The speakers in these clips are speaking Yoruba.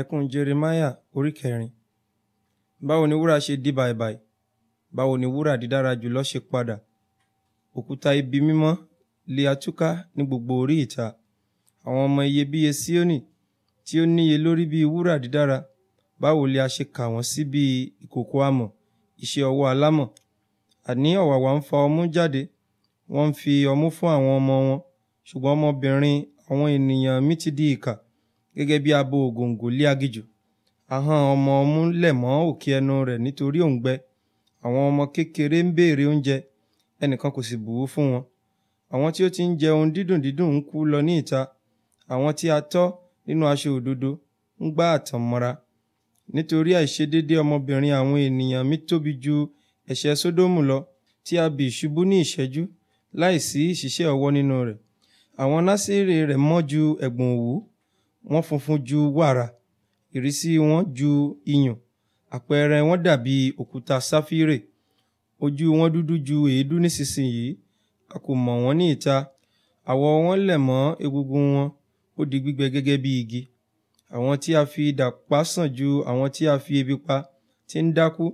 ẹkún jeremiah orí kẹrin báwo ni wúrà ṣe di bàìbàì báwo ni wúrà dídára jùlọ ṣe padà òkúta ibi mímọ́ lè atúká ní gbogbo orí ìta àwọn ọmọ iyebíye síónì tí ó níye lórí bíi wúrà dídára báwo lè a ṣe kà wọ́n sí bíi ìkòkò amọ̀ iṣẹ́ ọwọ́ alámọ̀ àní ọ̀wàwà ń fa ọmú jáde wọ́n ń fi ọmú fún àwọn ọmọ wọn ṣùgbọ́n ọmọbìnrin àwọn ènìyàn mi ti di ìkà gẹ́gẹ́ bí abo ògòǹgò lé agijù ahọ́n ọmọ ọmú lẹ̀ mọ́ òkè ẹnu rẹ̀ nítorí òǹgbẹ àwọn ọmọ kékeré ń béèrè oúnjẹ ẹnìkan kò sì bùú fún wọn àwọn tí ó ti ń jẹ ohun dídùn dídùn ń kú lọ ní ìta àwọn tí a tọ́ nínú aṣọ òdodo ń gbá àtàn mọ́ra nítorí àìṣedéédé ọmọbìnrin àwọn ènìyàn mi tóbi ju ẹ̀ṣẹ̀ sódómù lọ tí a bì ṣubú ní ìṣẹ́jú láìsí ìṣiṣẹ́ ọwọ́ nínú rẹ̀ àwọn násìrè rẹ̀ mọ́ ju ẹ̀gbọ̀n òwú wọ́n funfun ju wàrà ìrísí wọn ju iyùn àpẹẹrẹ wọn dàbí òkúta sáfírè ojú wọn dúdú ju èédú nísinsìnyí a kò mọ̀ wọ́n ní ìta àwọ̀ wọn lẹ̀ mọ́ egungun wọn ó di gbígbẹ gẹ́gẹ́ bí igi àwọn tí a fi idà pa sàn ju àwọn tí a fi ebi pa tí ń dákú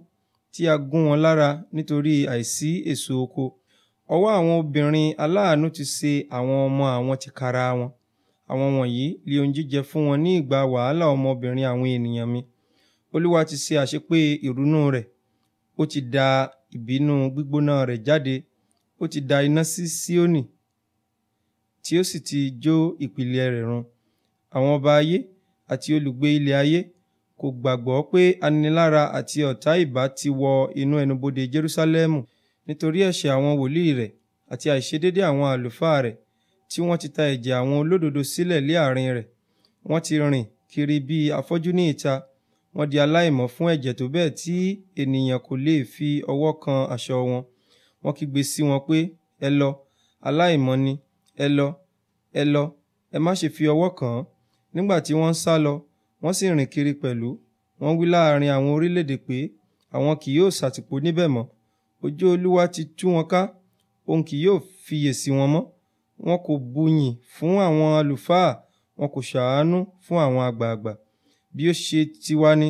tí a gún wọn lára nítorí àìsí èso oko ọwọ́ àwọn obìnrin aláàánú ti ṣe àwọn ọmọ àwọn tìkára wọn àwọn wọ̀nyí li ohun jíjẹ fún wọn ní ìgbà wàhálà ọmọbìnrin àwọn ènìyàn mi olúwa ti ṣe àṣepé ìrunú rẹ̀ ó ti da ìbínú gbígbóná rẹ̀ jáde ó ti da iná sí Síónì tí ó sì ti jó ìpìlẹ̀ rẹ̀ run àwọn ọba ayé àti olùgbé ilẹ̀ ayé kò gbàgbọ́ pé anilára àti ọ̀tá ìbá ti wọ inú ẹnubodè Jerúsálẹ́mù nítorí ẹ̀ṣẹ̀ àwọn wòlíì rẹ̀ àti àìṣedédé àwọn àlùfáà rẹ̀ tí wọ́n ti ta ẹ̀jẹ̀ àwọn olódodo sílẹ̀ lé àárín rẹ̀ wọ́n ti rìn kiri bí afọ́jú ní ìta wọ́n di aláìmọ́ fún ẹ̀jẹ̀ tó bẹ́ẹ̀ tí ènìyàn kò lè fi ọwọ́ kan aṣọ wọn wọ́n kígbe sí wọn pé ẹ lọ aláìmọ́ ni ẹ lọ ẹ lọ ẹ má ṣe fi ọwọ́ kàn án nígbà tí wọ́n ń sá lọ wọ́n sì rìn kiri pẹ̀lú wọ́n wí láàrin àwọn orílẹ̀-èdè pé àwọn kì yóò ṣàtìpó níbẹ̀ mọ́ ojú Olúwa ti tú wọn ká òun kì yóò fiyèsí wọn mọ́ wọn kò buyìn fún àwọn àlùfáà wọn kò ṣàánú fún àwọn àgbààgbà bí ó ṣe tiwa ni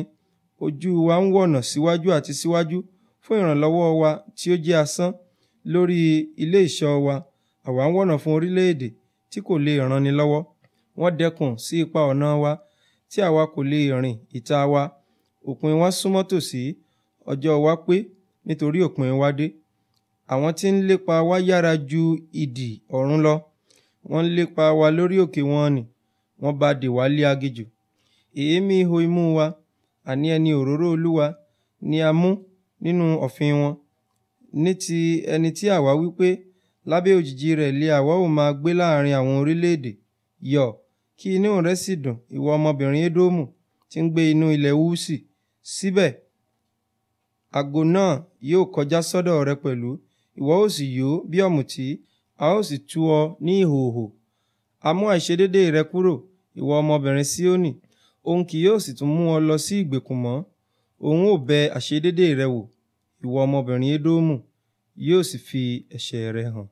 ojú wa ń wọ̀nà síwájú àti síwájú fún ìrànlọ́wọ́ wa tí ó jẹ́ asán lórí ilé ìṣọ́ wa àwa ń wọ̀nà fún orílẹ̀-èdè tí kò lè ranni lọ́wọ́ wọ́n dẹkùn sí ipa ọ̀nà wa tí àwa kò lè rìn ìta wa òpin wa súnmọ́ tòsí ọjọ́ wa pé nítorí òpin wa dé àwọn tí ń lépa wa yára ju idì ọ̀run lọ wọ́n ń lépa wa lórí òkè wọn nì wọ́n bá dè wá lé aginjù èémí ihò imú wa àní ẹni òróró olúwa ni a mú nínú ọ̀fìn wọn ní ti ẹni tí àwa wípé lábẹ́ òjìji rẹ̀ lé àwa ò máa gbé láàrin àwọn orílẹ̀-èdè yọ̀ kí inú rẹ̀ sì dùn ìwọ ọmọbìnrin édómù tí ń gbé inú ilẹ̀ wúsì síbẹ̀ àgò náà yóò kọjá sọ́dọ̀ rẹ pẹ̀lú ìwọ ó sì yó bí ọ̀mùtí a ó sì tú ọ ní ìhòòhò a mú àìṣedédé rẹ kúrò ìwọ ọmọbìnrin síónì òun kì yóò sì tún mú ọ lọ sí ìgbèkùn mọ́ òun ò bẹ àìṣedédé rẹ wò ìwọ ọmọbìnrin édómù yóò sì fi ẹ̀ṣẹ̀ rẹ hàn